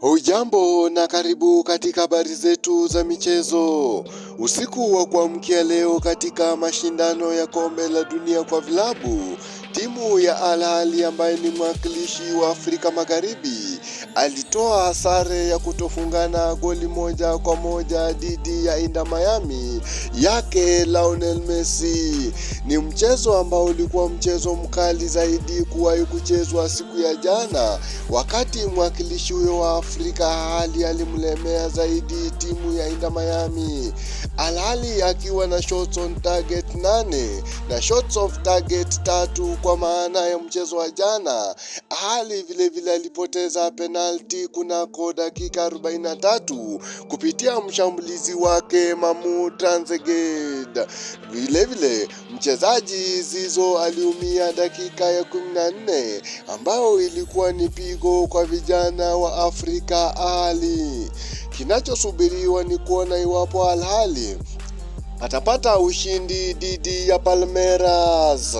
Hujambo na karibu katika habari zetu za michezo usiku wa kuamkia leo. Katika mashindano ya kombe la dunia kwa vilabu, timu ya Al Ahly ambaye ni mwakilishi wa Afrika Magharibi alitoa sare ya kutofungana goli moja kwa moja dhidi ya Inter Miami yake Lionel Messi. Ni mchezo ambao ulikuwa mchezo mkali zaidi kuwahi kuchezwa siku ya jana, wakati mwakilishi huyo wa Afrika hali alimlemea zaidi timu ya Inter Miami, alhali akiwa na shots on target 8 na shots of target tatu kwa maana ya mchezo wa jana. Hali vile vile alipoteza penalti kunako dakika 43 kupitia mshambulizi wake Mamu Transeged. Vile vile mchezo Mchezaji Zizo aliumia dakika ya 14 ambao ilikuwa ni pigo kwa vijana wa Afrika Ali. Kinachosubiriwa ni kuona iwapo Al Ahly atapata ushindi dhidi ya Palmeiras.